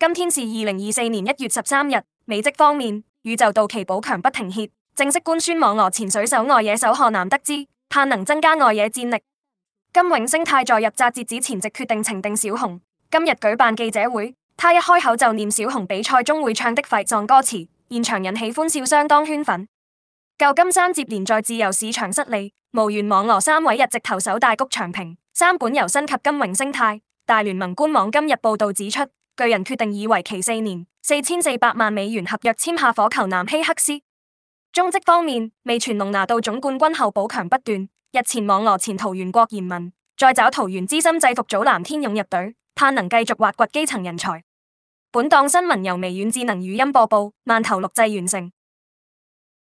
今天是二零二四年一月十三日。美職方面，宇宙道奇補強不停歇，正式官宣網羅前水手外野手赫南德茲，盼能增加外野戰力。今永昇太在入札截止前夕決定情定小熊，今日舉辦記者會，他一開口就念小熊比賽中會唱的廢葬歌詞，現場引起歡笑相當圈粉。舊金山接連在自由市場失利，無緣網羅三位日籍投手大谷翔平、山本由伸及今永昇太。大聯盟官網今日報道指出。巨人決定以為期四年、四千四百萬美元合約簽下火球男希克斯。中職方面，味全龍拿到總冠軍後補強不斷，日前網羅前桃園郭嚴文，再找桃園資深制服組藍天勇入隊，盼能繼續挖掘基層人才。本檔新聞由微軟智能語音播報，慢投錄製完成。